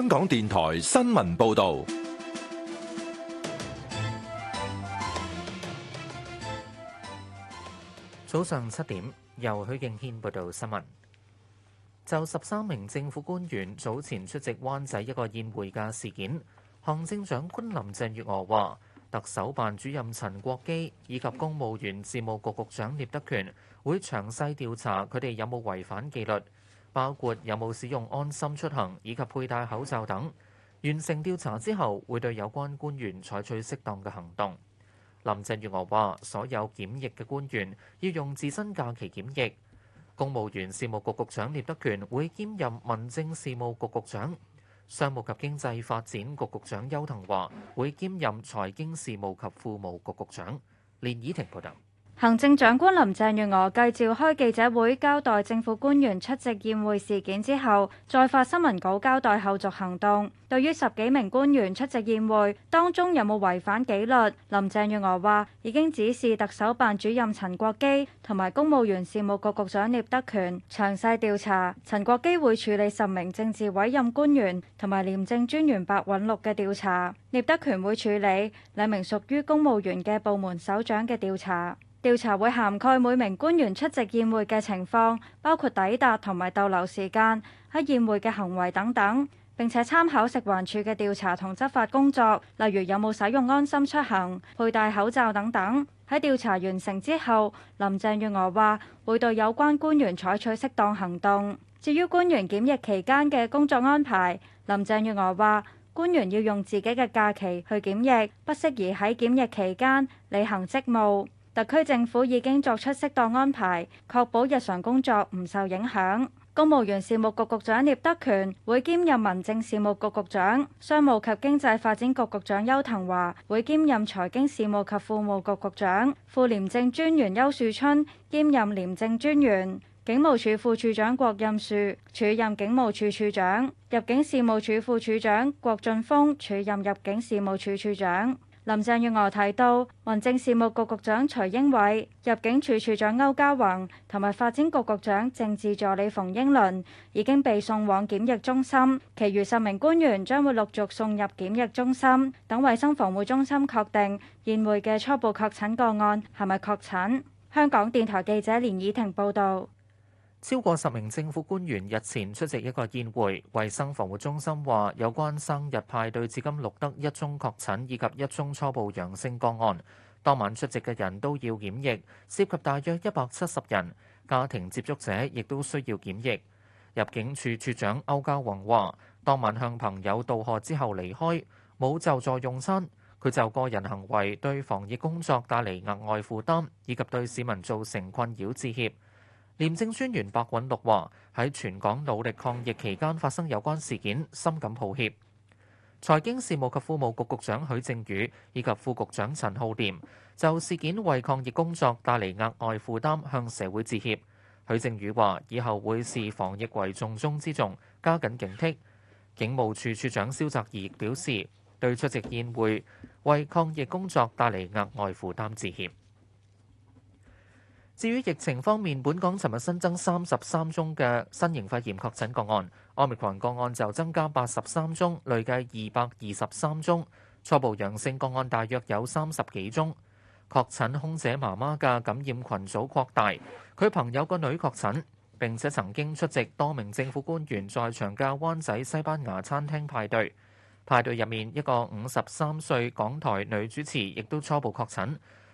香港電台新聞報道，早上七點，由許敬軒報道新聞。就十三名政府官員早前出席灣仔一個宴會嘅事件，行政長官林鄭月娥話，特首辦主任陳國基以及公務員事務局局長聶德權會詳細調查佢哋有冇違反紀律。包括有冇使用安心出行以及佩戴口罩等，完成調查之後，會對有關官員採取適當嘅行動。林鄭月娥話：所有檢疫嘅官員要用自身假期檢疫。公務員事務局局長聶德權會兼任民政事務局局長，商務及經濟發展局局長邱騰華會兼任財經事務及庫務局局長。連倚婷報道。行政長官林鄭月娥繼召開記者會交代政府官員出席宴會事件之後，再發新聞稿交代後續行動。對於十幾名官員出席宴會當中有冇違反紀律，林鄭月娥話已經指示特首辦主任陳國基同埋公務員事務局局長聶德權詳細調查。陳國基會處理十名政治委任官員同埋廉政專員白韞六嘅調查，聶德權會處理兩名屬於公務員嘅部門首長嘅調查。調查會涵蓋每名官員出席宴會嘅情況，包括抵達同埋逗留時間，喺宴會嘅行為等等。並且參考食環署嘅調查同執法工作，例如有冇使用安心出行、佩戴口罩等等。喺調查完成之後，林鄭月娥話會對有關官員採取適當行動。至於官員檢疫期間嘅工作安排，林鄭月娥話官員要用自己嘅假期去檢疫，不適宜喺檢疫期間履行職務。特區政府已經作出適當安排，確保日常工作唔受影響。公務員事務局局長聶德權會兼任民政事務局局長，商務及經濟發展局局長邱騰華會兼任財經事務及庫務局局長，副廉政專員邱樹春兼任廉政專員，警務處副處長郭任樹署任警務處處長，入境事務處副處長郭俊峰署任入境事務處處長。林鄭月娥提到，民政事務局局長徐英偉、入境處處長歐家宏同埋發展局局長政治助理馮英倫已經被送往檢疫中心，其餘十名官員將會陸續送入檢疫中心，等衛生防護中心確定宴會嘅初步確診個案係咪確診。香港電台記者連以婷報導。超過十名政府官員日前出席一個宴會，衛生防護中心話有關生日派對至今錄得一宗確診以及一宗初步陽性個案。當晚出席嘅人都要檢疫，涉及大約一百七十人，家庭接觸者亦都需要檢疫。入境處處，處長歐家宏話：當晚向朋友道賀之後離開，冇就座用餐。佢就個人行為對防疫工作帶嚟額外負擔，以及對市民造成困擾致歉。廉政專員白韞六話：喺全港努力抗疫期間發生有關事件，深感抱歉。財經事務及庫務局局長許正宇以及副局長陳浩濂就事件為抗疫工作帶嚟額外負擔，向社會致歉。許正宇話：以後會視防疫為重中之重，加緊警惕。警務處處長蕭澤頤亦表示，對出席宴會為抗疫工作帶嚟額外負擔致歉。至於疫情方面，本港尋日新增三十三宗嘅新型肺炎確診個案，Omicron 個案就增加八十三宗，累計二百二十三宗。初步陽性個案大約有三十幾宗。確診空姐媽媽嘅感染群組擴大，佢朋友個女確診，並且曾經出席多名政府官員在場嘅灣仔西班牙餐廳派對。派對入面一個五十三歲港台女主持亦都初步確診。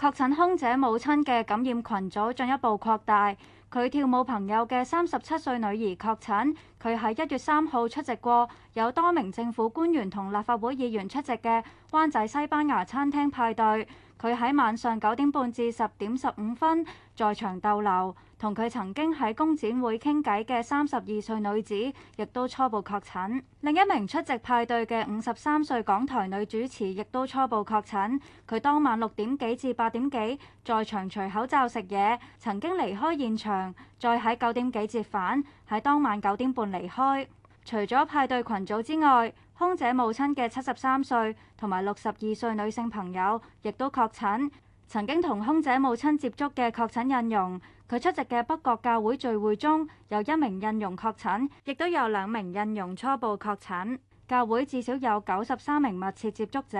確診空姐母親嘅感染群組進一步擴大，佢跳舞朋友嘅三十七歲女兒確診，佢喺一月三號出席過有多名政府官員同立法會議員出席嘅灣仔西班牙餐廳派對。佢喺晚上九點半至十點十五分在場逗留，同佢曾經喺公展會傾偈嘅三十二歲女子亦都初步確診。另一名出席派對嘅五十三歲港台女主持亦都初步確診。佢當晚六點幾至八點幾在場除口罩食嘢，曾經離開現場，再喺九點幾折返，喺當晚九點半離開。除咗派對群組之外，空姐母親嘅七十三歲同埋六十二歲女性朋友亦都確診，曾經同空姐母親接觸嘅確診印傭，佢出席嘅北角教會聚會中有一名印傭確診，亦都有兩名印傭初步確診。教會至少有九十三名密切接觸者。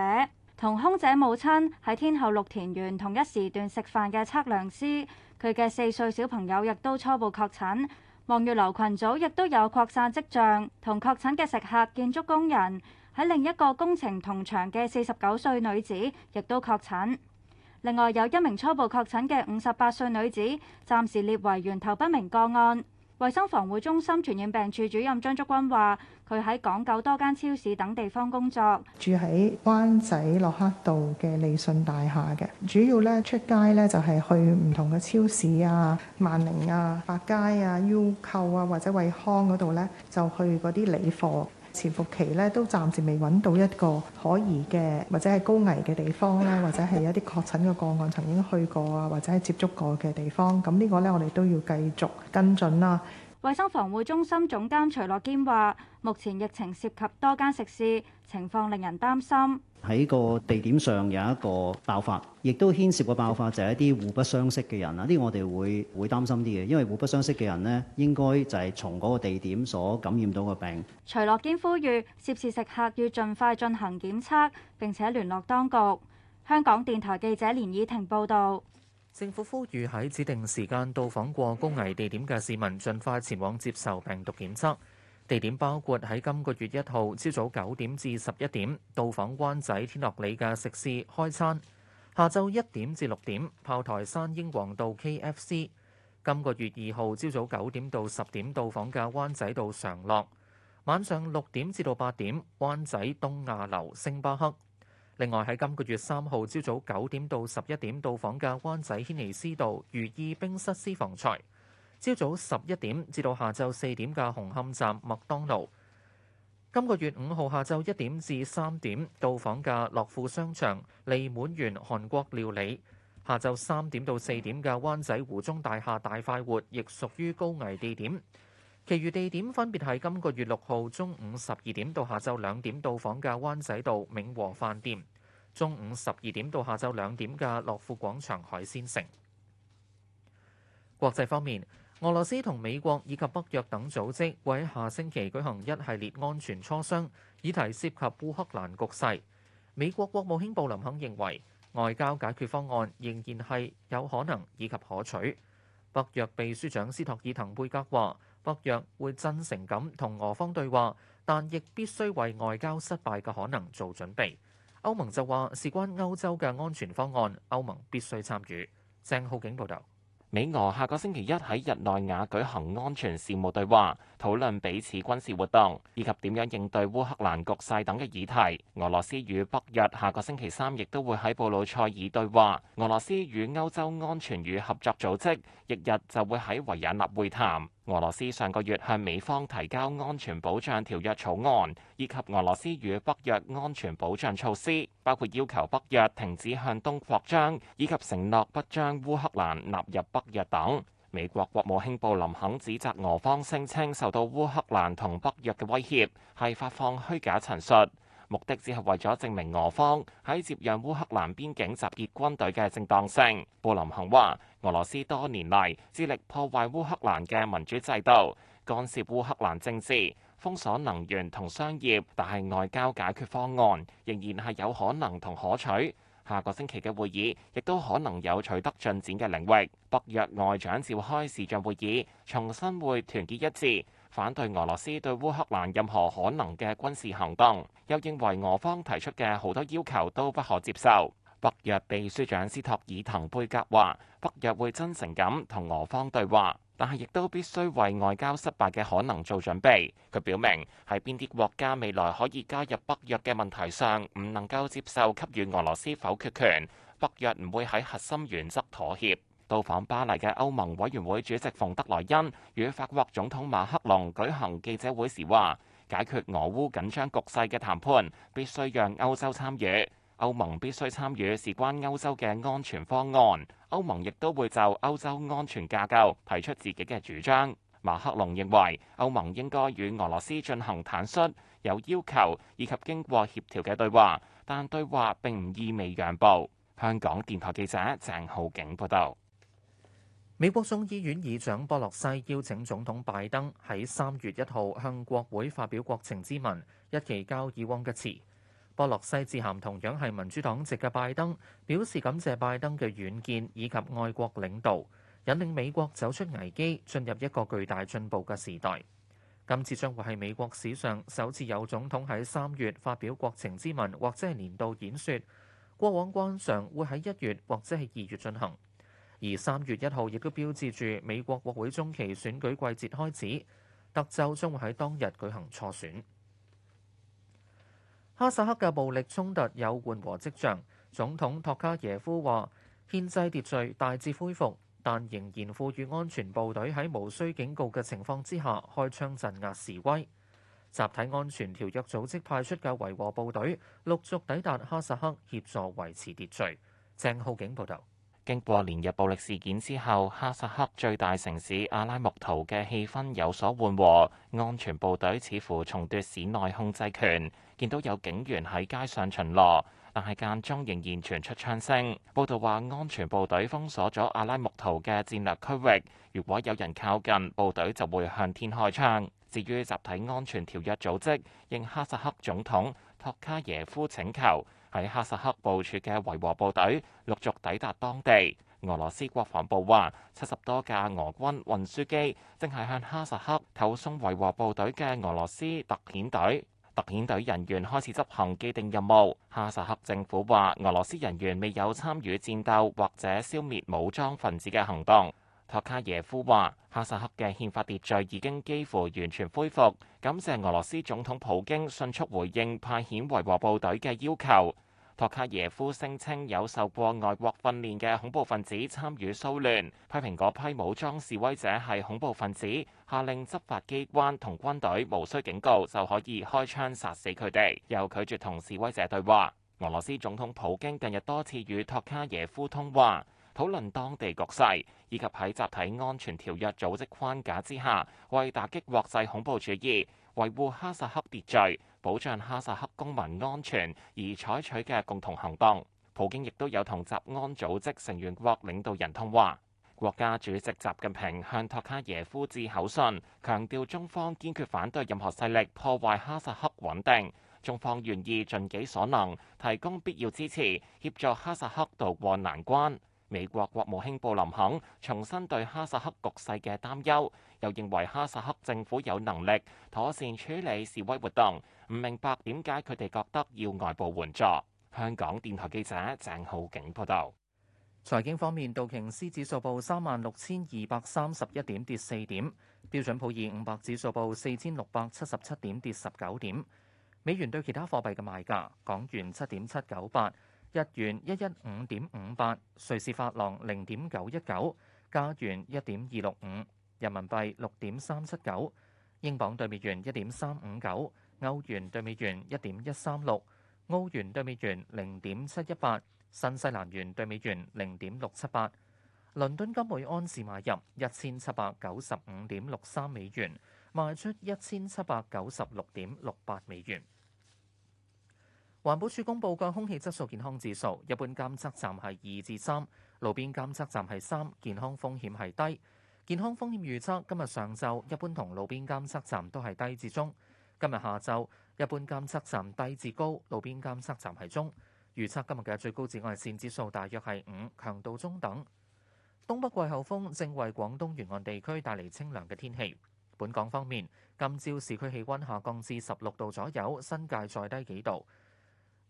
同空姐母親喺天后綠田園同一時段食飯嘅測量師，佢嘅四歲小朋友亦都初步確診。望月樓群組亦都有擴散跡象，同確診嘅食客、建築工人，喺另一個工程同場嘅四十九歲女子亦都確診。另外有一名初步確診嘅五十八歲女子，暫時列為源頭不明個案。衞生防護中心傳染病處主任張竹君話，佢喺港九多間超市等地方工作，住喺灣仔駱克道嘅利信大廈嘅，主要咧出街咧就係、是、去唔同嘅超市啊、萬寧啊、百佳啊、優購啊或者惠康嗰度咧，就去嗰啲理貨。潛伏期咧都暫時未揾到一個可疑嘅或者係高危嘅地方咧，或者係一啲確診嘅個案曾經去過啊，或者係接觸過嘅地方，咁呢個咧我哋都要繼續跟進啦。衛生防護中心總監徐樂堅話，目前疫情涉及多間食肆，情況令人擔心。喺個地點上有一個爆發，亦都牽涉個爆發就係一啲互不相識嘅人啊！呢個我哋會會擔心啲嘅，因為互不相識嘅人呢，應該就係從嗰個地點所感染到個病。徐樂堅呼籲涉事食客要盡快進行檢測，並且聯絡當局。香港電台記者連以婷報導。政府呼籲喺指定時間到訪過高危地點嘅市民，盡快前往接受病毒檢測。地點包括喺今個月一號朝早九點至十一點到訪灣仔天樂里嘅食肆開餐；下晝一點至六點炮台山英皇道 KFC；今個月二號朝早九點到十點到訪嘅灣仔道常樂；晚上六點至到八點灣仔東亞樓星巴克。另外喺今個月三號朝早九點到十一點到訪嘅灣仔軒尼詩道如意冰室私房菜。朝早十一點至到下晝四點嘅紅磡站麥當勞，今個月五號下晝一點至三點到訪嘅樂富商場利滿園韓國料理，下晝三點到四點嘅灣仔湖中大廈大快活亦屬於高危地點。其餘地點分別係今個月六號中午十二點到下晝兩點到訪嘅灣仔道永和飯店，中午十二點到下晝兩點嘅樂富廣場海鮮城。國際方面。俄羅斯同美國以及北約等組織會喺下星期舉行一系列安全磋商，議題涉及烏克蘭局勢。美國國務卿布林肯認為，外交解決方案仍然係有可能以及可取。北約秘書長斯托爾滕貝格話：北約會真誠咁同俄方對話，但亦必須為外交失敗嘅可能做準備。歐盟就話：事關歐洲嘅安全方案，歐盟必須參與。鄭浩景報道。美俄下個星期一喺日內瓦舉行安全事務對話，討論彼此軍事活動以及點樣應對烏克蘭局勢等嘅議題。俄羅斯與北約下個星期三亦都會喺布魯塞爾對話。俄羅斯與歐洲安全與合作組織翌日就會喺維也納會談。俄羅斯上個月向美方提交安全保障條約草案，以及俄羅斯與北約安全保障措施，包括要求北約停止向東擴張，以及承諾不將烏克蘭納入北約等。美國國務卿布林肯指責俄方聲稱受到烏克蘭同北約嘅威脅，係發放虛假陳述。目的只係為咗證明俄方喺接壤烏克蘭邊境集結軍隊嘅正當性。布林肯話：俄羅斯多年嚟致力破壞烏克蘭嘅民主制度，干涉烏克蘭政治，封鎖能源同商業。但係外交解決方案仍然係有可能同可取。下個星期嘅會議亦都可能有取得進展嘅領域。北約外長召開視像會議，重新會團結一致。反對俄羅斯對烏克蘭任何可能嘅軍事行動，又認為俄方提出嘅好多要求都不可接受。北約秘書長斯托爾滕貝格話：北約會真誠咁同俄方對話，但係亦都必須為外交失敗嘅可能做準備。佢表明喺邊啲國家未來可以加入北約嘅問題上，唔能夠接受給予俄羅斯否決權。北約唔會喺核心原則妥協。到訪巴黎嘅歐盟委員會主席馮德萊恩與法國總統馬克龍舉行記者會時話，解決俄烏緊張局勢嘅談判必須讓歐洲參與，歐盟必須參與事關歐洲嘅安全方案。歐盟亦都會就歐洲安全架構提出自己嘅主張。馬克龍認為歐盟應該與俄羅斯進行坦率、有要求以及經過協調嘅對話，但對話並唔意味讓步。香港電台記者鄭浩景報道。美國眾議院議長波洛西邀請總統拜登喺三月一號向國會發表國情咨文，日期較以往嘅遲。波洛西致函同樣係民主黨籍嘅拜登，表示感謝拜登嘅遠見以及外國領導，引領美國走出危機，進入一個巨大進步嘅時代。今次將會係美國史上首次有總統喺三月發表國情咨文，或者係年度演說。過往慣常會喺一月或者係二月進行。而三月一號亦都標誌住美國國會中期選舉季節開始，德州將會喺當日舉行初選。哈薩克嘅暴力衝突有緩和跡象，總統托卡耶夫話憲制秩序大致恢復，但仍然賦予安全部隊喺無需警告嘅情況之下開槍鎮壓示威。集體安全條約組織派出嘅維和部隊陸續抵達哈薩克協助維持秩序。鄭浩景報道。經過連日暴力事件之後，哈薩克最大城市阿拉木圖嘅氣氛有所緩和，安全部隊似乎重奪市內控制權。見到有警員喺街上巡邏，但係間中仍然傳出槍聲。報道話，安全部隊封鎖咗阿拉木圖嘅戰略區域，如果有人靠近，部隊就會向天開槍。至於集體安全條約組織，應哈薩克總統托卡耶夫請求，喺哈薩克部署嘅維和部隊陸續抵達當地。俄羅斯國防部話，七十多架俄軍運輸機正係向哈薩克投送維和部隊嘅俄羅斯特遣隊。特遣隊人員開始執行既定任務。哈薩克政府話俄羅斯人員未有參與戰鬥或者消滅武裝分子嘅行動。托卡耶夫話：哈薩克嘅憲法秩序已經幾乎完全恢復，感謝俄羅斯總統普京迅速回應派遣維和部隊嘅要求。托卡耶夫聲稱有受過外國訓練嘅恐怖分子參與騷亂，批評嗰批武裝示威者係恐怖分子，下令執法機關同軍隊無需警告就可以開槍殺死佢哋，又拒絕同示威者對話。俄羅斯總統普京近日多次與托卡耶夫通話。討論當地局勢，以及喺集體安全條約組織框架之下，為打擊國際恐怖主義、維護哈薩克秩序、保障哈薩克公民安全而採取嘅共同行動。普京亦都有同集安組織成員國領導人通話。國家主席習近平向托卡耶夫致口信，強調中方堅決反對任何勢力破壞哈薩克穩定，中方願意盡己所能，提供必要支持，協助哈薩克渡過難關。美國國務卿布林肯重申對哈薩克局勢嘅擔憂，又認為哈薩克政府有能力妥善處理示威活動，唔明白點解佢哋覺得要外部援助。香港電台記者鄭浩景報道：「財經方面，道瓊斯指數報三萬六千二百三十一點，跌四點；標準普爾五百指數報四千六百七十七點，跌十九點。美元對其他貨幣嘅賣價，港元七點七九八。日元一一五點五八，瑞士法郎零點九一九，加元一點二六五，人民幣六點三七九，英鎊對美元一點三五九，歐元對美元一點一三六，澳元對美元零點七一八，新西蘭元對美元零點六七八。倫敦金每安士買入一千七百九十五點六三美元，賣出一千七百九十六點六八美元。環保署公布嘅空氣質素健康指數，一般監測站係二至三，路邊監測站係三，健康風險係低。健康風險預測今日上晝一般同路邊監測站都係低至中。今日下晝一般監測站低至高，路邊監測站係中。預測今日嘅最高紫外線指數大約係五，強度中等。東北季候風正為廣東沿岸地區帶嚟清涼嘅天氣。本港方面，今朝市區氣溫下降至十六度左右，新界再低幾度。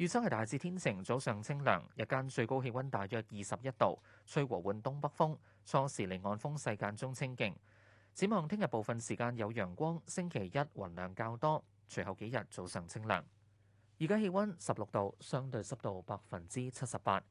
預測係大致天晴，早上清涼，日間最高氣溫大約二十一度，吹和緩東北風，初時離岸風勢間中清勁。展望聽日部分時間有陽光，星期一雲量較多，隨後幾日早上清涼。而家氣溫十六度，相對濕度百分之七十八。